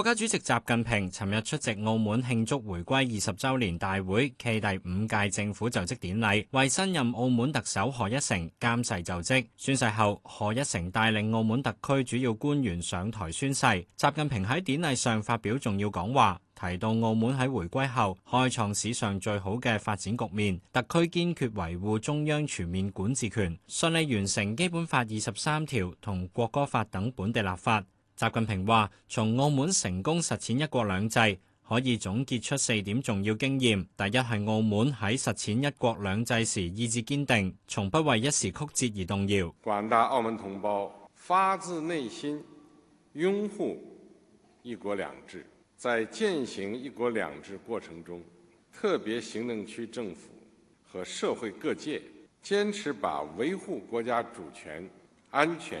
國家主席習近平尋日出席澳門慶祝回歸二十週年大會暨第五屆政府就職典禮，為新任澳門特首賀一誠監誓就職。宣誓後，賀一誠帶領澳門特區主要官員上台宣誓。習近平喺典禮上發表重要講話，提到澳門喺回歸後開創史上最好嘅發展局面，特區堅決維護中央全面管治權，順利完成基本法二十三條同國歌法等本地立法。習近平話：從澳門成功實踐一國兩制，可以總結出四點重要經驗。第一係澳門喺實踐一國兩制時意志堅定，從不為一時曲折而動搖。廣大澳門同胞發自內心擁護一國兩制，在踐行一國兩制過程中，特別行政區政府和社會各界堅持把維護國家主權、安全，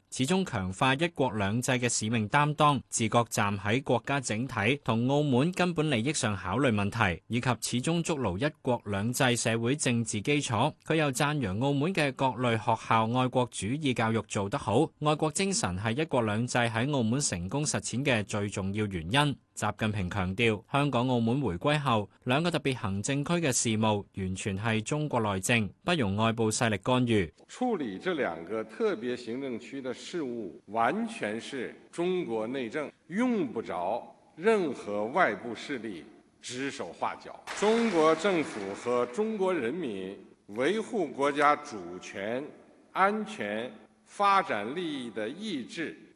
始終強化一國兩制嘅使命擔當，自覺站喺國家整體同澳門根本利益上考慮問題，以及始終築牢一國兩制社會政治基礎。佢又讚揚澳門嘅各類學校愛國主義教育做得好，愛國精神係一國兩制喺澳門成功實踐嘅最重要原因。習近平強調，香港、澳門回歸後，兩個特別行政區嘅事務完全係中國內政，不容外部勢力干預。處理這兩個特別行政區嘅事務，完全是中國內政，用不着任何外部勢力指手畫腳。中國政府和中國人民維護國家主權、安全、發展利益嘅意志。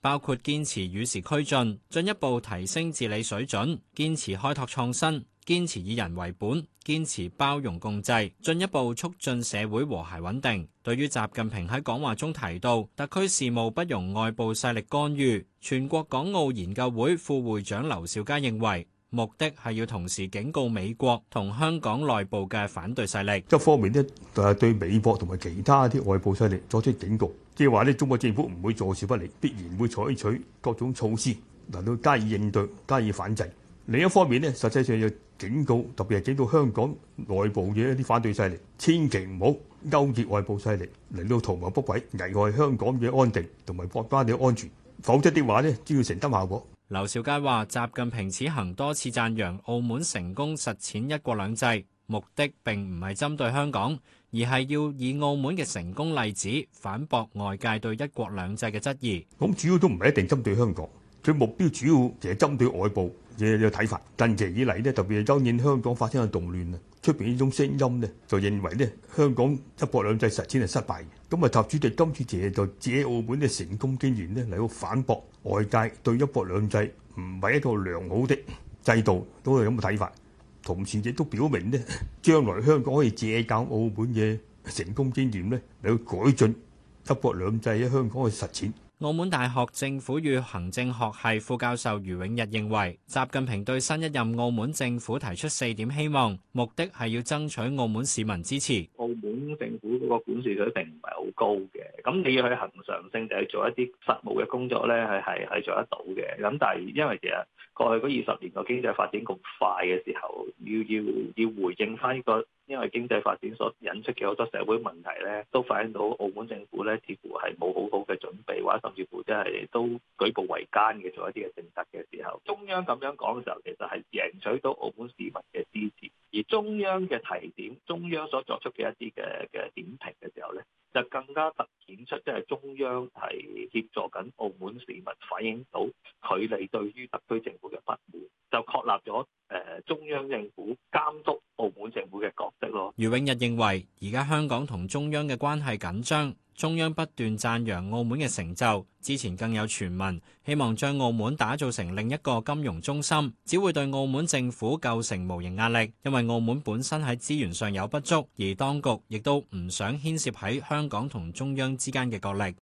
包括堅持與時俱進，進一步提升治理水準；堅持開拓創新，堅持以人為本，堅持包容共濟，進一步促進社會和諧穩定。對於習近平喺講話中提到特區事務不容外部勢力干預，全國港澳研究會副會長劉兆佳認為。目的係要同時警告美國同香港內部嘅反對勢力，一方面咧就係對美國同埋其他啲外部勢力作出警告，即係話咧中國政府唔會坐視不理，必然會採取各種措施，嚟到加以應對、加以反制。另一方面咧，實際上嘅警告特別係警告香港內部嘅一啲反對勢力，千祈唔好勾結外部勢力嚟到圖謀不軌，危害香港嘅安定同埋國家嘅安全。否則的話呢，只要承擔後果。劉兆佳話：習近平此行多次讚揚澳門成功實踐一國兩制，目的並唔係針對香港，而係要以澳門嘅成功例子反駁外界對一國兩制嘅質疑。咁主要都唔係一定針對香港。佢目標主要就係針對外部嘅睇法，近期以嚟咧，特別係今年香港發生嘅動亂啊，出邊呢種聲音咧，就認為咧香港一國兩制實踐係失敗嘅。咁啊，習主席就今次借就借澳門嘅成功經驗咧嚟到反駁外界對一國兩制唔係一個良好的制度都係咁嘅睇法，同時亦都表明咧將來香港可以借鑑澳門嘅成功經驗咧嚟到改進一國兩制喺香港嘅實踐。澳門大學政府與行政學系副教授余永逸認為，習近平對新一任澳門政府提出四點希望，目的係要爭取澳門市民支持。澳門政府嗰個管治水平並唔係好高嘅，咁你要去恒常性就去做一啲實務嘅工作咧，係係係做得到嘅。咁但係因為其實過去嗰二十年個經濟發展咁快嘅時候，要要要回應翻、這、呢個。因為經濟發展所引出嘅好多社會問題咧，都反映到澳門政府咧，似乎係冇好好嘅準備，或者甚至乎即係都舉步維艱嘅做一啲嘅政策嘅時候，中央咁樣講嘅時候，其實係贏取到澳門市民嘅支持。而中央嘅提點，中央所作出嘅一啲嘅嘅點評嘅時候咧，就更加突顯出即係、就是、中央係協助緊澳門市民反映到佢哋對於特區政府嘅不滿，就確立咗誒、呃、中央政府監督。余永日認為，而家香港同中央嘅關係緊張，中央不斷讚揚澳門嘅成就。之前更有傳聞，希望將澳門打造成另一個金融中心，只會對澳門政府構成無形壓力，因為澳門本身喺資源上有不足，而當局亦都唔想牽涉喺香港同中央之間嘅角力。